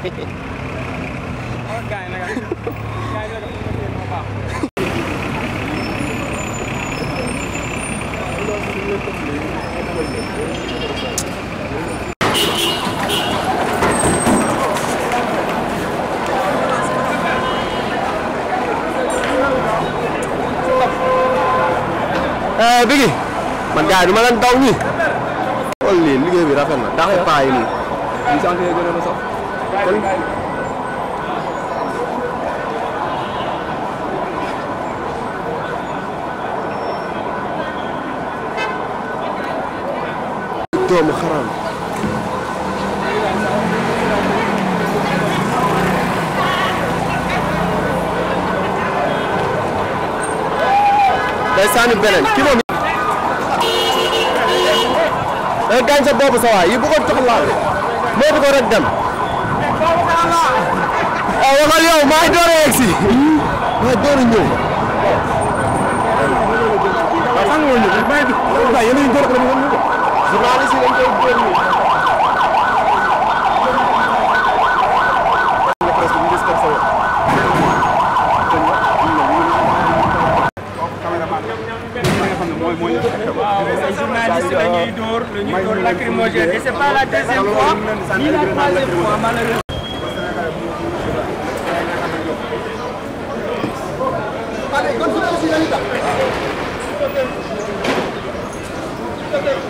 gaay na gaay na eh Biggi man gaay du ma leen daw nii. xool lii liggéey bi rafet na ndax paa yi nii. kon doomu xaraam day sànni beneen ki moom day gaañ sa bopp sa waay yi bu ko tax laal moo ko rek dem waaw eh, waxal yow maa ngi door a yegg si. maa ngi door a ñëw. waaw fan nga ñëw maa ngi dugg. waaw yéen a ngi door a ko doon ñëw. journaliste yi dañ koy génn. journaliste la ñuy door la ñuy door lacrymogène et c'est pas la deuxième fois ni la troisième fois malheureusement. Thank you.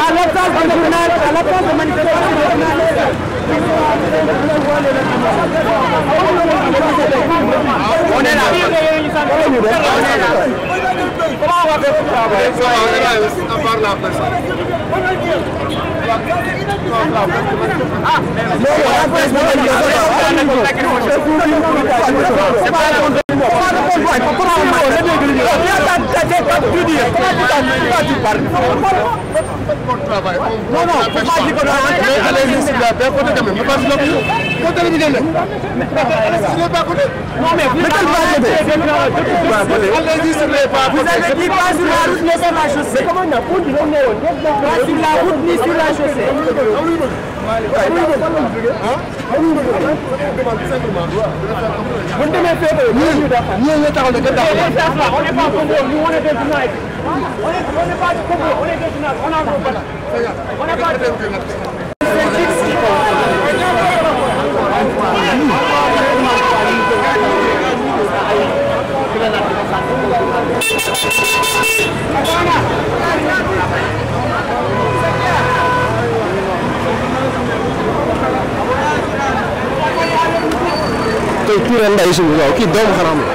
à la place de journal, à la place de manifestation journaliste. On est là. On est là. Comment on va faire pour travailler On est là, on parle la personne. Ah, mais... C'est pas la je dis, pourquoi tu parles Non, non, pourquoi tu parles Allez, ici, là, côté quand même, ne pas se Côté le milieu, Allez, pas côté. Non, mais vous Allez, ici, pas Vous avez dit pas sur la route, mais sur la chaussée. Comment on a Pas sur la route, ni sur la chaussée. bu ñu demee féetewul ñu ñu taxaw ne kenn taxaw on est pas on est des dinaaj. on est on est pas de Congo on est des dinaaj on a un bala. on est pas de. Thank you. Touré Ndeye suñu waaw kii doomu xaraam la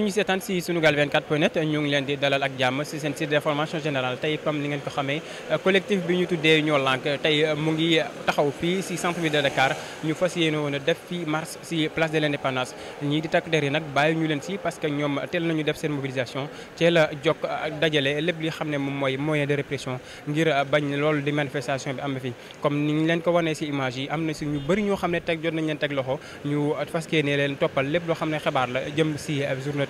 mbokk ñu seetaan ngi leen di dalal ak jàmm si seen site d'information générale tey comme li ngeen ko xamee collectif bi ñu tuddee ñoo lànk tey mu ngi taxaw fii si centre ville de Dakar ñu fas yéene woon a def fii mars si place de l'indépendance ñii di takk der yi nag bàyyi ñu leen si parce que ñoom teel nañu def seen mobilisation teel a jokk dajale lépp li xam ne moom moyen de répression ngir bañ loolu di manifestation bi am fi comme ni leen ko wanee si image yi am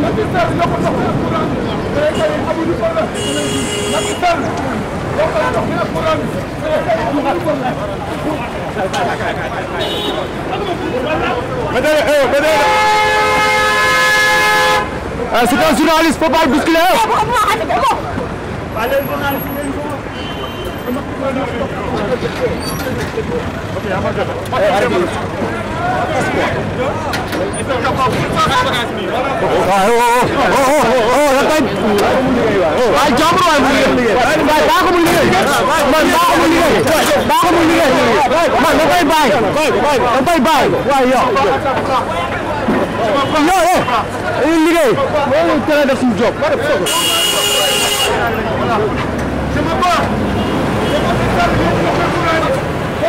Macky Sall yokk ndox mi ak courant bi béykat yi amuñu problème euh, Macky Sall yokk na ndox mi ak courant bi béykat yi amuñu problème. C'est euh, un journaliste, faut pas le bousculer. Ok, waaw jàmbur waay mu liggéey waaye baa ko mu liggéey man baa ko mu liggéey baa ko mu liggéey man da koy bàyyi da koy bàyyi waaye yow yow eh dañuy liggéey loolu teel a def suñu job. Je me bats.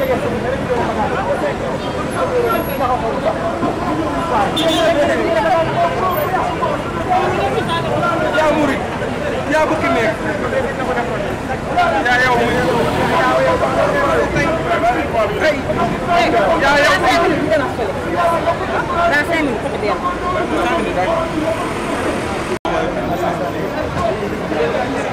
yaa murit yaa bëgg nekk yaa yow muy ay ay yaa yow muy